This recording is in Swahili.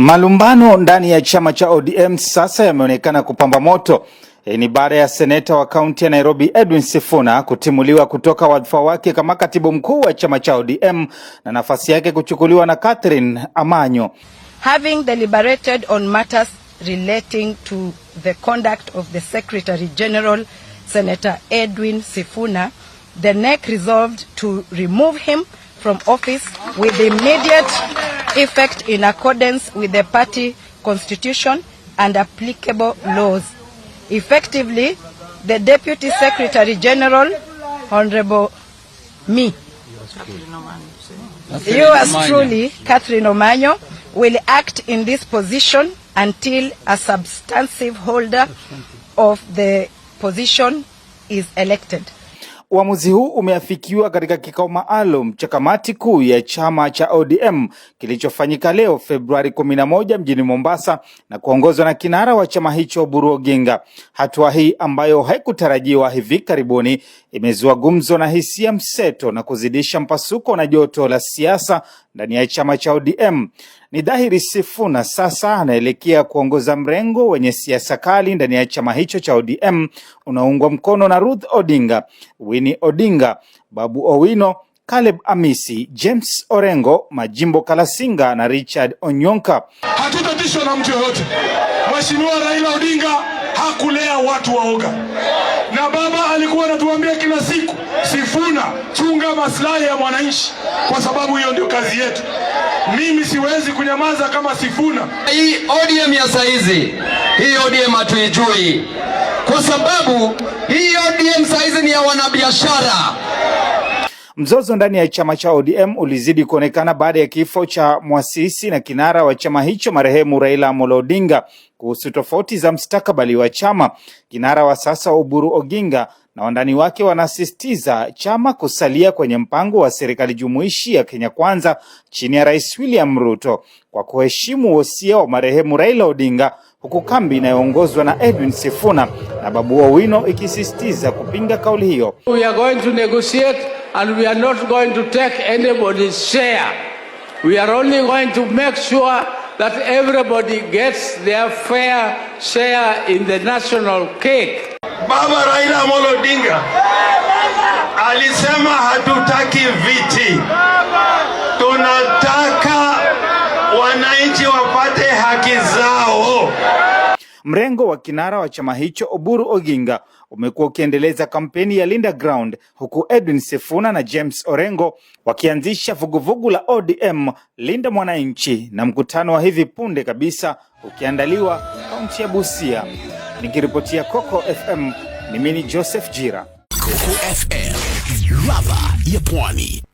Malumbano ndani ya chama cha ODM sasa yameonekana kupamba moto. Hii eh, ni baada ya seneta wa kaunti ya Nairobi Edwin Sifuna kutimuliwa kutoka wadhifa wake kama katibu mkuu wa chama cha ODM na nafasi yake kuchukuliwa na Catherine Amanyo. Having deliberated on matters relating to the conduct of the Secretary General Senator Edwin Sifuna, the NEC resolved to remove him from office with immediate effect in accordance with the party constitution and applicable laws. Effectively, the Deputy Secretary General, Honorable me, as truly, Catherine Omanyo, will act in this position until a substantive holder of the position is elected. Uamuzi huu umeafikiwa katika kikao maalum cha kamati kuu ya chama cha ODM kilichofanyika leo Februari kumi na moja mjini Mombasa na kuongozwa na kinara wa chama hicho Oburu Oginga. Hatua hii ambayo haikutarajiwa hivi karibuni imezua gumzo na hisia mseto na kuzidisha mpasuko na joto la siasa ndani ya chama cha ODM. Ni dhahiri Sifuna sasa anaelekea kuongoza mrengo wenye siasa kali ndani ya chama hicho cha ODM unaoungwa mkono na Ruth Odinga, Winnie Odinga, Babu Owino, Caleb Amisi, James Orengo, Majimbo Kalasinga na Richard Onyonka. Hatutatishwa na mtu yoyote. Mheshimiwa Raila Odinga hakulea watu waoga, na baba alikuwa anatuambia kila siku, Sifuna, chunga maslahi ya mwananchi, kwa sababu hiyo ndio kazi yetu. Mimi siwezi kunyamaza kama Sifuna. Hii ODM ya saizi, hii ODM hatuijui, kwa sababu hii ODM saizi ni ya wanabiashara. Mzozo ndani ya chama cha ODM ulizidi kuonekana baada ya kifo cha mwasisi na kinara wa chama hicho marehemu Raila Amolo Odinga kuhusu tofauti za mstakabali wa chama. Kinara wa sasa Oburu Oginga na wandani wake wanasisitiza chama kusalia kwenye mpango wa serikali jumuishi ya Kenya Kwanza chini ya Rais William Ruto kwa kuheshimu wosia wa marehemu Raila Odinga, huku kambi inayoongozwa na Edwin Sifuna na Babu Owino ikisisitiza kupinga kauli hiyo. We are going to negotiate and we are not going to take anybody's share. We are only going to make sure that everybody gets their fair share in the national cake. Baba Raila Amolo Odinga alisema hatutaki viti. Baba. Mrengo wa kinara wa chama hicho Oburu Oginga umekuwa ukiendeleza kampeni ya Linda Ground, huku Edwin Sifuna na James Orengo wakianzisha vuguvugu la ODM Linda Mwananchi, na mkutano wa hivi punde kabisa ukiandaliwa kaunti ya Busia. Nikiripotia Coco FM, mimi ni Joseph Jira, Coco FM, ladha ya Pwani.